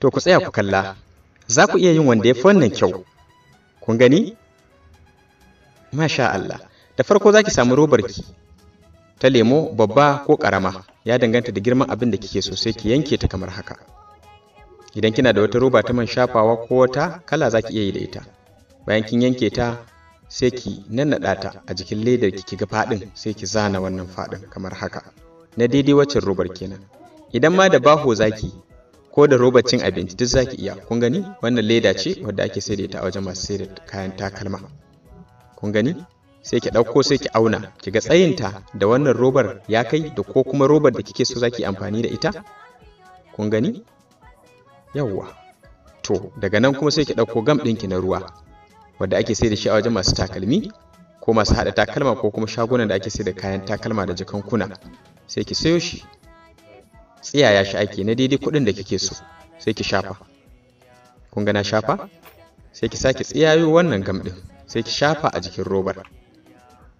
To ku tsaya ku kalla, za ku iya yin wanda ya fi wannan kyau. Kun gani? Masha Allah, da farko za ki samu ki ta lemo babba ko ƙarama, ya danganta da girman abin da kike so sai ki yanke ta kamar haka. Idan kina da wata roba ta man shafawa ko wata kala za ki iya yi da ita. Bayan kin yanke ta sai ki nannaɗa ta a jikin ledar ki ga faɗin sai ki zana wannan faɗin kamar haka. Na daidai wacce robar kenan. Idan ma da baho zaki ko da robar cin abinci duk zaki iya kun gani wannan leda ce wadda ake saidaita a wajen masu da kayan takalma kun gani sai ki ɗauko sai ki auna ki ga tsayinta da wannan robar ya kai da ko kuma robar da kike so zaki amfani da ita kun gani yawwa to daga nan kuma sai ki ɗauko gam ɗinki na ruwa wadda ake sai da shi a wajen masu takalmi ko masu haɗa takalma ko kuma shagunan da ake sai da kayan takalma da jakankuna sai ki sayo shi tsiyaya shi ake na daidai kuɗin da kike so sai ki shafa kun gana shafa sai ki sake tsiyayo wannan gam ɗin sai ki shafa a jikin robar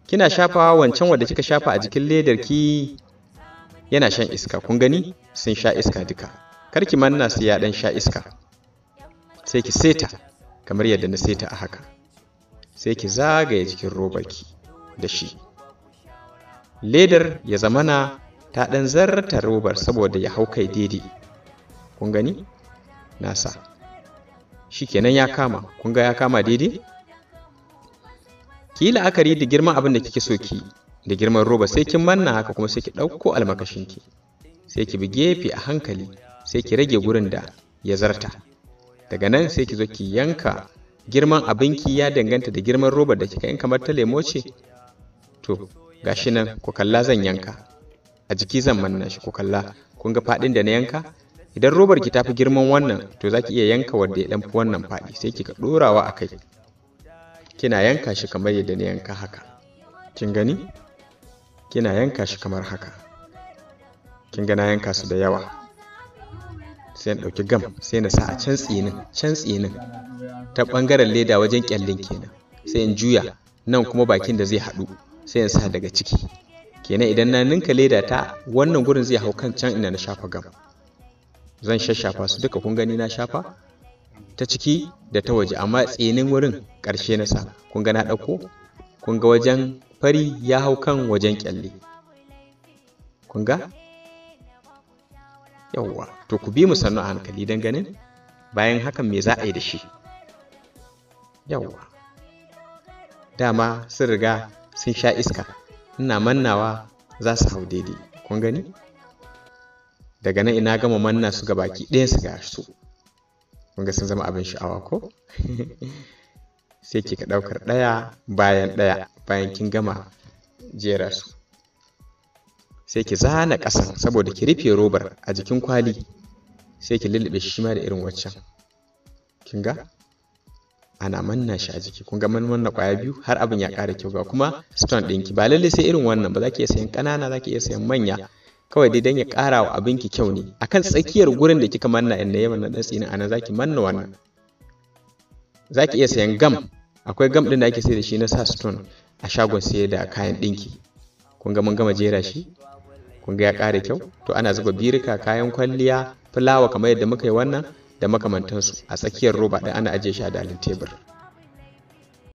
kina shafawa wancan wanda kika shafa a jikin ledar ki yana shan iska kun gani sun sha iska duka kar ki manna su ya dan sha iska sai ki seta kamar yadda na seta a haka sai ki zagaye jikin robar ki da shi ledar ya zamana ta ɗan zarta robar saboda ya hau kai daidai kun gani nasa kenan ya kama kun ga ya kama daidai ki yi la'akari da girman abin da kike so ki da girman roba sai kin manna haka kuma sai ki ɗauko almakashinki sai ki bi gefe a hankali sai ki rage gurin da ya zarta daga nan sai ki zo ki yanka girman abinki ya danganta da girman robar da kika in kamar ta lemo ce to gashi nan ku kalla zan yanka a jiki zan manna shi ku kalla kun ga fadin da na yanka idan robar ki fi girman wannan to za ki iya yanka wadda ya ɗan fi wannan fadi sai kika ɗorawa a kai kina yanka shi kamar yadda na yanka haka kin gani kina yanka shi kamar haka kin ga na yanka su da yawa sai na ɗauki gam sai na sa a can tsinin can tsinin ta ɓangaren leda wajen ƙyallin kenan sai in juya nan kuma bakin da zai haɗu sai in sa daga ciki kenan idan na ninka leda ta wannan gurin zai hau kan can ina na shafa gam zan shashafa su duka kun gani na shafa ta ciki da ta waje amma tsinin wurin ƙarshe na sa kun ga na ɗauko kun ga wajen fari ya hau kan wajen kyalle kun ga yawwa to ku bi mu sannu a hankali don ganin bayan hakan me za a yi da shi yawwa dama sun riga sun sha iska ina mannawa za su hau daidai kun gani daga nan ina gama manna su ga baki ɗaya su ga su kun ga sun zama abin sha'awa ko sai kika ɗaukar ɗaya bayan ɗaya bayan kin gama jera su sai ki zana ƙasa saboda ki rufe robar a jikin kwali sai ki lullube shi ma da irin waccan kin ga ana manna shi a jiki kun ga manna kwaya biyu har abin ya ƙara kyau ga kuma stone ɗinki ba lallai sai irin wannan ba za ki iya sayan ƙanana za ki iya sayan manya kawai dai don ya ƙara wa abinki kyau ne akan tsakiyar gurin da kika manna yan yayi wannan dan tsinin za zaki manna wannan zaki iya sayan gam akwai gam ɗin da ake sai da shi na sa stone a shagon sayar da kayan ɗinki kun ga mun gama jera shi kun ga ya ƙara kyau to ana zuba birika kayan kwalliya fulawa kamar yadda muka yi wannan da makamantansu a tsakiyar roba da ana ajiye shi a dalin tebur